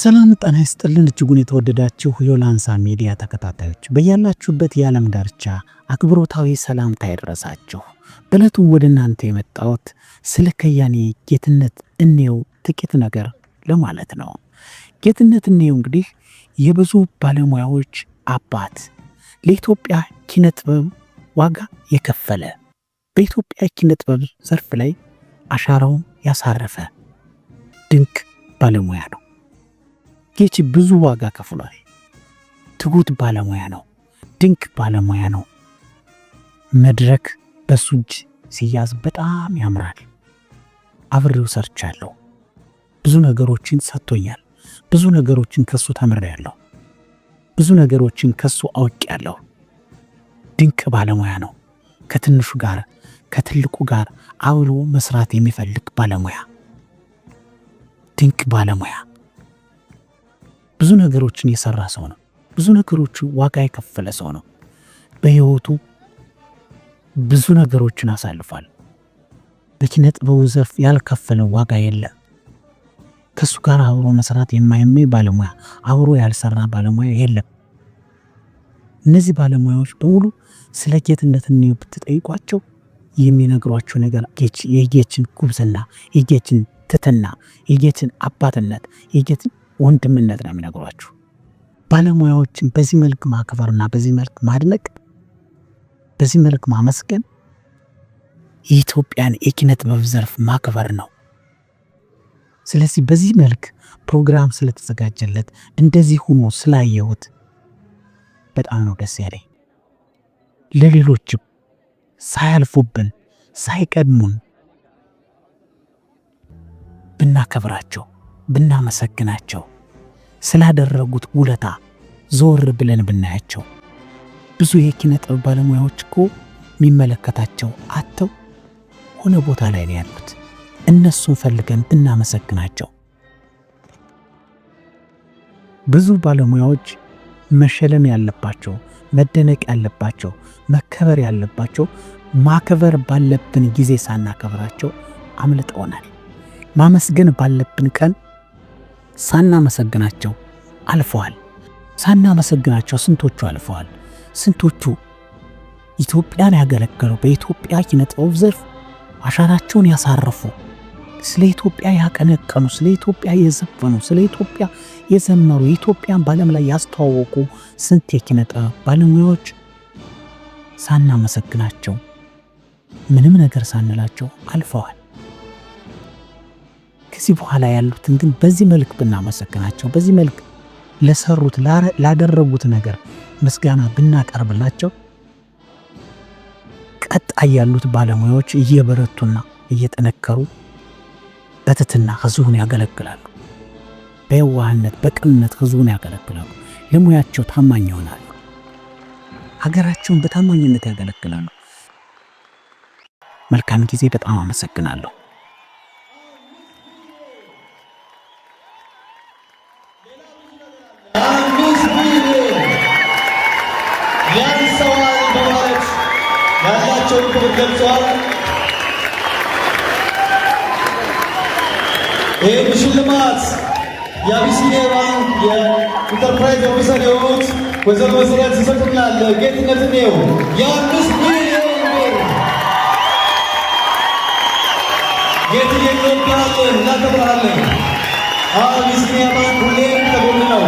ሰላም ጤና ይስጥልን። እጅጉን የተወደዳችሁ የላንሳ ሚዲያ ተከታታዮች በያላችሁበት የዓለም ዳርቻ አክብሮታዊ ሰላምታ ይድረሳችሁ። በዕለቱ ወደ እናንተ የመጣሁት ስለ ከያኔ ጌትነት እንየው ጥቂት ነገር ለማለት ነው። ጌትነት እንየው እንግዲህ የብዙ ባለሙያዎች አባት፣ ለኢትዮጵያ ኪነጥበብ ዋጋ የከፈለ በኢትዮጵያ ኪነጥበብ ዘርፍ ላይ አሻራውን ያሳረፈ ድንቅ ባለሙያ ነው። ጌቺ ብዙ ዋጋ ከፍሏል። ትጉት ባለሙያ ነው። ድንቅ ባለሙያ ነው። መድረክ በሱ እጅ ሲያዝ በጣም ያምራል። አብሬው ሰርቻለሁ። ብዙ ነገሮችን ሰጥቶኛል። ብዙ ነገሮችን ከሱ ተምሬያለሁ። ብዙ ነገሮችን ከሱ አውቄያለሁ። ድንቅ ባለሙያ ነው። ከትንሹ ጋር ከትልቁ ጋር አብሮ መስራት የሚፈልግ ባለሙያ ድንቅ ባለሙያ ብዙ ነገሮችን የሰራ ሰው ነው። ብዙ ነገሮች ዋጋ የከፈለ ሰው ነው። በህይወቱ ብዙ ነገሮችን አሳልፏል። በኪነ ጥበቡ ዘርፍ ያልከፈለ ዋጋ የለም። ከእሱ ጋር አብሮ መስራት የማይመኝ ባለሙያ አብሮ ያልሰራ ባለሙያ የለም። እነዚህ ባለሙያዎች በሙሉ ስለ ጌትነት ብትጠይቋቸው የሚነግሯቸው ነገር የጌችን ጉብዝና፣ የጌችን ትትና፣ የጌችን አባትነት፣ የጌትን ወንድምነት ነው የሚነግሯችሁ። ባለሙያዎችን በዚህ መልክ ማክበርና በዚህ መልክ ማድነቅ፣ በዚህ መልክ ማመስገን የኢትዮጵያን የኪነ ጥበብ ዘርፍ ማክበር ነው። ስለዚህ በዚህ መልክ ፕሮግራም ስለተዘጋጀለት እንደዚህ ሆኖ ስላየሁት በጣም ነው ደስ ያለኝ። ለሌሎችም ሳያልፉብን ሳይቀድሙን ብናከብራቸው ብናመሰግናቸው፣ ስላደረጉት ውለታ ዞር ብለን ብናያቸው። ብዙ የኪነ ጥበብ ባለሙያዎች እኮ የሚመለከታቸው አተው ሆነ ቦታ ላይ ነው ያሉት። እነሱን ፈልገን ብናመሰግናቸው። ብዙ ባለሙያዎች መሸለም ያለባቸው፣ መደነቅ ያለባቸው፣ መከበር ያለባቸው ማክበር ባለብን ጊዜ ሳናከብራቸው አምልጠውናል። ማመስገን ባለብን ቀን ሳናመሰግናቸው አልፈዋል። ሳናመሰግናቸው ስንቶቹ አልፈዋል። ስንቶቹ ኢትዮጵያን ያገለገሉ በኢትዮጵያ ኪነጥበብ ዘርፍ አሻራቸውን ያሳረፉ ስለ ኢትዮጵያ ያቀነቀኑ፣ ስለ ኢትዮጵያ የዘፈኑ፣ ስለ ኢትዮጵያ የዘመሩ ኢትዮጵያን በዓለም ላይ ያስተዋወቁ ስንት የኪነጥበብ ባለሙያዎች ሳናመሰግናቸው ምንም ነገር ሳንላቸው አልፈዋል። ከዚህ በኋላ ያሉትን ግን በዚህ መልክ ብናመሰግናቸው፣ በዚህ መልክ ለሰሩት ላደረጉት ነገር ምስጋና ብናቀርብላቸው ቀጣይ ያሉት ባለሙያዎች እየበረቱና እየጠነከሩ በትትና ህዝቡን ያገለግላሉ። በየዋህነት በቅንነት ህዝቡን ያገለግላሉ። ለሙያቸው ታማኝ ይሆናሉ። ሀገራቸውን በታማኝነት ያገለግላሉ። መልካም ጊዜ። በጣም አመሰግናለሁ። ያላቸውን ክብር ገልጸዋል። ይህን ሽልማት የአቢሲኒያ ባንክ የኢንተርፕራይዝ ኦፊሰር የሆኑት ወይዘሮ መሰረት ይሰጡናል። ጌትነት ነው የአምስት ሚሊዮን ጌት የወብራለን እናከብረሃለን። አቢሲኒያ ባንክ ሁሌም ተጎን ነው።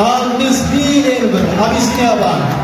Al misli el bir, abisine bak.